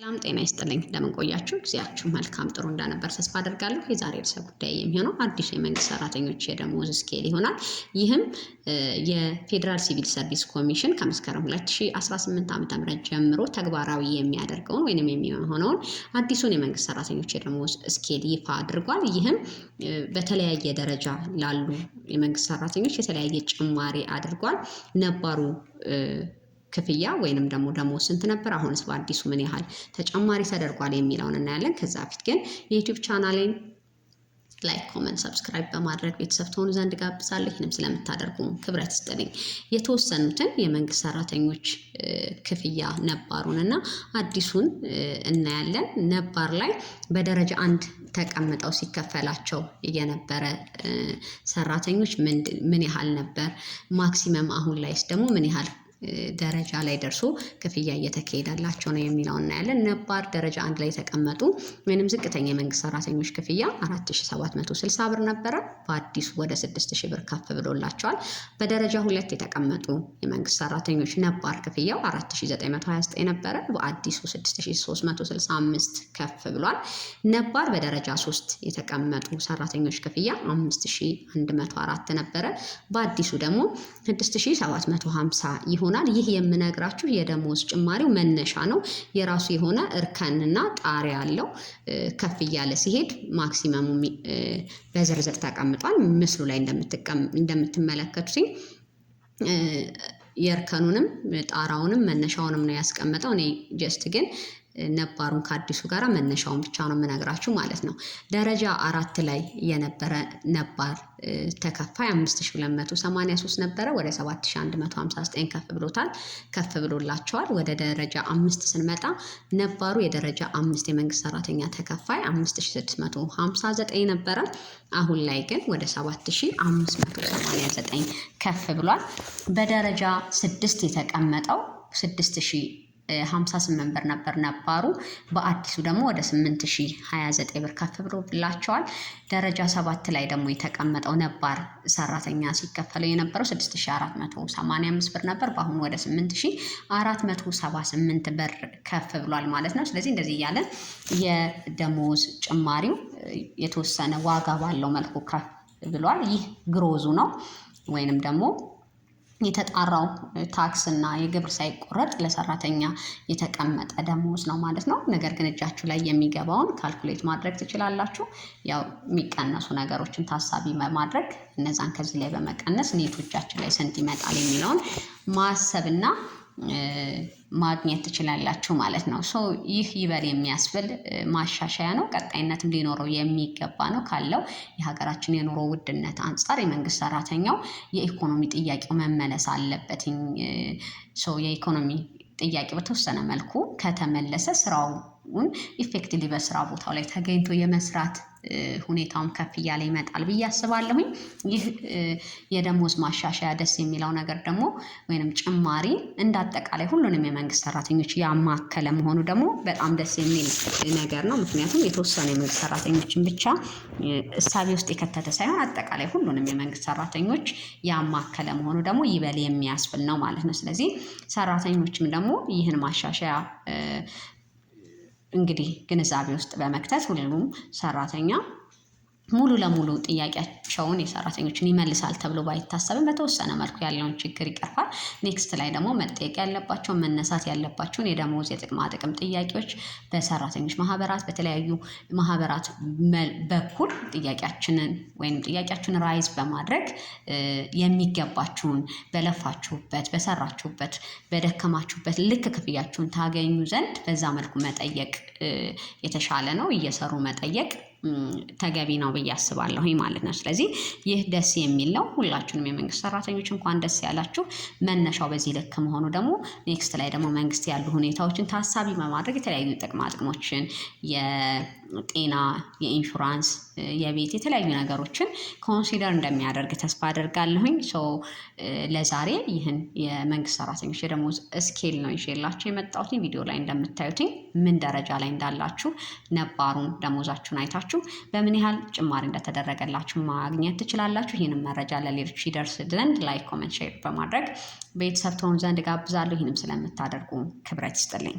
ሰላም ጤና ይስጥልኝ። እንደምንቆያችሁ ጊዜያችሁ መልካም ጥሩ እንደነበር ተስፋ አደርጋለሁ። የዛሬ ርዕሰ ጉዳይ የሚሆነው አዲሱ የመንግስት ሰራተኞች የደሞዝ ስኬል ይሆናል። ይህም የፌዴራል ሲቪል ሰርቪስ ኮሚሽን ከመስከረም 2018 ዓ ም ጀምሮ ተግባራዊ የሚያደርገውን ወይም የሚሆነውን አዲሱን የመንግስት ሰራተኞች የደሞዝ ስኬል ይፋ አድርጓል። ይህም በተለያየ ደረጃ ላሉ የመንግስት ሰራተኞች የተለያየ ጭማሪ አድርጓል። ነባሩ ክፍያ ወይንም ደግሞ ደሞዝ ስንት ነበር? አሁንስ በአዲሱ ምን ያህል ተጨማሪ ተደርጓል የሚለውን እናያለን። ከዛ በፊት ግን የዩቲዩብ ቻናሌን ላይክ፣ ኮመንት፣ ሰብስክራይብ በማድረግ ቤተሰብ ትሆኑ ዘንድ ጋብዛለሁ። ይህንም ስለምታደርጉ ክብረት ስጥልኝ። የተወሰኑትን የመንግስት ሰራተኞች ክፍያ ነባሩን እና አዲሱን እናያለን። ነባር ላይ በደረጃ አንድ ተቀምጠው ሲከፈላቸው የነበረ ሰራተኞች ምን ያህል ነበር? ማክሲመም አሁን ላይስ ደግሞ ምን ያህል ደረጃ ላይ ደርሶ ክፍያ እየተካሄዳላቸው ነው የሚለውን እናያለን። ነባር ደረጃ አንድ ላይ የተቀመጡ ወይንም ዝቅተኛ የመንግስት ሰራተኞች ክፍያ 4760 ብር ነበረ። በአዲሱ ወደ 6000 ብር ከፍ ብሎላቸዋል። በደረጃ ሁለት የተቀመጡ የመንግስት ሰራተኞች ነባር ክፍያው 4929 ነበረ። በአዲሱ 6365 ከፍ ብሏል። ነባር በደረጃ ሶስት የተቀመጡ ሰራተኞች ክፍያ 5104 ነበረ። በአዲሱ ደግሞ 6750 ይሆ ይሆናል። ይህ የምነግራችሁ የደሞዝ ጭማሪው መነሻ ነው። የራሱ የሆነ እርከንና ጣሪያ አለው። ከፍ እያለ ሲሄድ ማክሲመሙ በዝርዝር ተቀምጧል። ምስሉ ላይ እንደምትመለከቱትኝ የእርከኑንም ጣራውንም መነሻውንም ነው ያስቀመጠው። እኔ ጀስት ግን ነባሩን ከአዲሱ ጋር መነሻውን ብቻ ነው የምነግራችሁ ማለት ነው። ደረጃ አራት ላይ የነበረ ነባር ተከፋይ 5283 ነበረ። ወደ 7159 ከፍ ብሎታል፣ ከፍ ብሎላቸዋል። ወደ ደረጃ አምስት ስንመጣ ነባሩ የደረጃ አምስት የመንግስት ሰራተኛ ተከፋይ 5659 ነበረ። አሁን ላይ ግን ወደ 7589 ከፍ ብሏል። በደረጃ ስድስት የተቀመጠው 6000 58 ብር ነበር ነባሩ። በአዲሱ ደግሞ ወደ 8029 ብር ከፍ ብሎላቸዋል። ደረጃ ሰባት ላይ ደግሞ የተቀመጠው ነባር ሰራተኛ ሲከፈለው የነበረው 6485 ብር ነበር። በአሁኑ ወደ 8478 ብር ከፍ ብሏል ማለት ነው። ስለዚህ እንደዚህ እያለ የደሞዝ ጭማሪው የተወሰነ ዋጋ ባለው መልኩ ከፍ ብሏል። ይህ ግሮዙ ነው ወይንም ደግሞ የተጣራው ታክስ እና የግብር ሳይቆረጥ ለሰራተኛ የተቀመጠ ደሞዝ ነው ማለት ነው። ነገር ግን እጃችሁ ላይ የሚገባውን ካልኩሌት ማድረግ ትችላላችሁ። ያው የሚቀነሱ ነገሮችን ታሳቢ በማድረግ እነዛን ከዚህ ላይ በመቀነስ ኔቱ እጃችን ላይ ስንት ይመጣል የሚለውን ማሰብና ማግኘት ትችላላችሁ ማለት ነው። ሶ ይህ ይበል የሚያስብል ማሻሻያ ነው። ቀጣይነትም ሊኖረው የሚገባ ነው። ካለው የሀገራችን የኑሮ ውድነት አንጻር የመንግስት ሰራተኛው የኢኮኖሚ ጥያቄው መመለስ አለበትኝ። ሶ የኢኮኖሚ ጥያቄ በተወሰነ መልኩ ከተመለሰ ስራውን ኢፌክትሊ በስራ ቦታው ላይ ተገኝቶ የመስራት ሁኔታውም ከፍ እያለ ይመጣል ብዬ አስባለሁኝ። ይህ የደሞዝ ማሻሻያ ደስ የሚለው ነገር ደግሞ ወይም ጭማሪ እንደ አጠቃላይ ሁሉንም የመንግስት ሰራተኞች ያማከለ መሆኑ ደግሞ በጣም ደስ የሚል ነገር ነው። ምክንያቱም የተወሰኑ የመንግስት ሰራተኞችን ብቻ እሳቤ ውስጥ የከተተ ሳይሆን አጠቃላይ ሁሉንም የመንግስት ሰራተኞች ያማከለ መሆኑ ደግሞ ይበል የሚያስብል ነው ማለት ነው። ስለዚህ ሰራተኞችም ደግሞ ይህን ማሻሻያ እንግዲህ ግንዛቤ ውስጥ በመክተት ሁሉም ሰራተኛ ሙሉ ለሙሉ ጥያቄያቸውን የሰራተኞችን ይመልሳል ተብሎ ባይታሰብም በተወሰነ መልኩ ያለውን ችግር ይቀርፋል። ኔክስት ላይ ደግሞ መጠየቅ ያለባቸውን መነሳት ያለባቸውን የደሞዝ የጥቅማ ጥቅም ጥያቄዎች በሰራተኞች ማህበራት፣ በተለያዩ ማህበራት በኩል ጥያቄያችንን ወይም ጥያቄያችን ራይዝ በማድረግ የሚገባችሁን በለፋችሁበት፣ በሰራችሁበት፣ በደከማችሁበት ልክ ክፍያችሁን ታገኙ ዘንድ በዛ መልኩ መጠየቅ የተሻለ ነው። እየሰሩ መጠየቅ ተገቢ ነው ብዬ አስባለሁ ማለት ነው። ስለዚህ ይህ ደስ የሚል ነው። ሁላችሁንም የመንግስት ሰራተኞች እንኳን ደስ ያላችሁ። መነሻው በዚህ ልክ መሆኑ ደግሞ ኔክስት ላይ ደግሞ መንግስት ያሉ ሁኔታዎችን ታሳቢ በማድረግ የተለያዩ ጥቅማ ጥቅሞችን ጤና፣ የኢንሹራንስ፣ የቤት የተለያዩ ነገሮችን ኮንሲደር እንደሚያደርግ ተስፋ አደርጋለሁኝ። ሶ ለዛሬ ይህን የመንግስት ሰራተኞች የደሞዝ ስኬል ነው ይዤላችሁ የመጣሁት። ቪዲዮ ላይ እንደምታዩትኝ ምን ደረጃ ላይ እንዳላችሁ ነባሩን ደሞዛችሁን አይታችሁ በምን ያህል ጭማሪ እንደተደረገላችሁ ማግኘት ትችላላችሁ። ይህንም መረጃ ለሌሎች ይደርስ ዘንድ ላይክ፣ ኮመንት፣ ሼር በማድረግ ቤተሰብ ትሆኑ ዘንድ ጋብዛለሁ። ይህንም ስለምታደርጉ ክብረት ይስጥልኝ።